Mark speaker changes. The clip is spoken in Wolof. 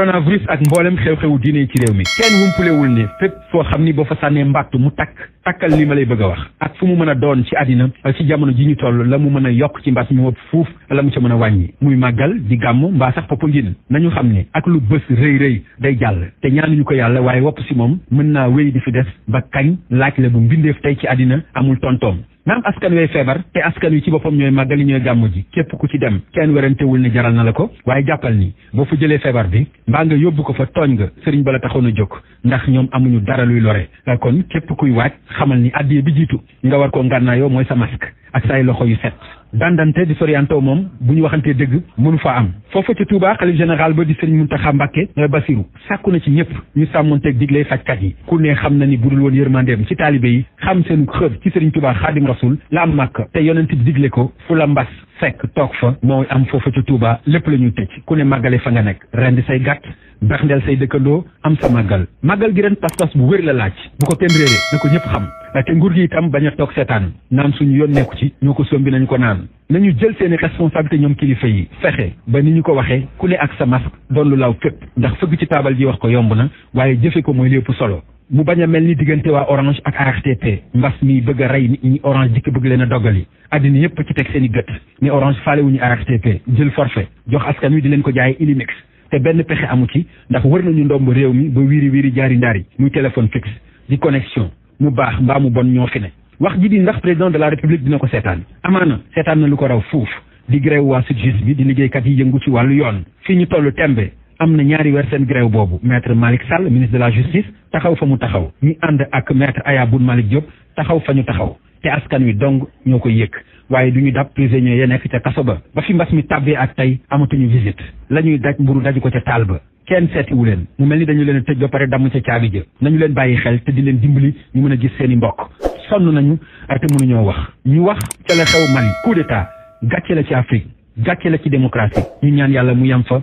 Speaker 1: coronavirus ak mboolem xew-xewu diine ci réew mi kenn wumpulewul ne fépp foo xam ni boo fa sànnee mbàttu mu takk takkal li ma lay bëgg a wax ak fu mu mën a doon ci àddina ci jamono ji ñu toll la mu mën a yokk ci mbas mi wopp fuuf la mu ca mën a wàññi muy màggal di gàmm mbaa sax na nañu xam ne ak lu bës rëy rëy day jàll te ñu ko yàlla waaye wopp si moom mën naa wéy di fi des ba kañ laaj la bu mbindeef tey ci àddina amul tontoom naa même askan way feebar te askan wi ci boppam ñooy màggali ñooy gàmmu ji képp ku ci dem kenn werantewul ni jaral na la ko waaye jàppal ni boo fa jëlee feebar bi mbaa nga yóbbu ko fa tooñ nga sëriñ bala taxoon a jóg ndax ñoom amuñu dara luy lore kon képp kuy waaj xamal ni addiye bi jiitu nga war koo ngànnaayoo mooy sa masque ak say loxo yu set dandante di sorianto moom bu ñu waxantee dëgg mënu fa am foofu ci Touba xalif général ba di sëriñ Muntaxa Mbàkke eh, Basiru sàkku na ci ñëpp ñu sàmmonteeg diglee fajkat yi ku ne xam na ni bu budul woon yërmandeem ci taalibe yi xam seen xër ci sëriñ Touba Xaadim Rasul la am màkk te yonent digle ko fu la mbas fekk toog fa mooy am foofa ci Touba lépp la ñuy tëj ku ne màggale fa nga nekk rendi say gàtt bexndeel say dëkkandoo am sa màggal màggal gi ren pas-pas bu wér la laaj bu ko kenn réeré na ko ñëpp xam te nguur gi itam bañ a toog seetaan naan suñu yoon nekku ci ñoo ko sombi nañ ko naan nañu jël seeni responsabilité ñoom kilifa yi fexe ba ni ñu ko waxee ku ne ak sa masque doon lu law fépp ndax fëgg ci taabal ji wax ko yomb na waaye jëfe ko mooy lépp solo mu bañ a mel ni diggante waa orange ak ARTP mbas mi bëgg rey ni ñi orange dikk bëgg leen a dogali àddina yëpp ci teg seen i gët ni orange faale wuñu ARTP jël forfait jox askan wi di leen ko jaayee Illimix te benn pexe amu ci ndax wër nañu ndomb réew mi ba wiiri wiiri jaari ndaari muy téléphone fixe di connexion mu baax mbaa mu bon ñoo fi ne wax ji di ndax président de la république dina ko seetaan amaana seetaan na lu ko raw fuuf di grève waa SYTJUST bi di liggéeykat yi yëngu ci wàllu yoon fii ñu toll tembe am na ñaari weer seen grève boobu maître Malick Sall ministre de la justice taxaw fa mu taxaw ñi ànd ak maître Aya Boun Malick Diop taxaw fa ñu taxaw te askan wi dong ñoo ko yëg waaye du ñu dab prisonniers ya nekk ca kaso ba ba fi mbas mi tàbbee ak tey amatuñu visite la ñuy daj mburu daj ko ca taal ba kenn seetiwu leen mu mel ni dañu leen tëj ba pare damm ca caabi jë nañu leen bàyyi xel te di leen dimbali ñu mën a gis seen i mbokk sonn nañu te mënuñoo wax ñu wax ca la xew Mali coup d'état ci Afrique gàcce la ci ñaan yàlla mu yem fa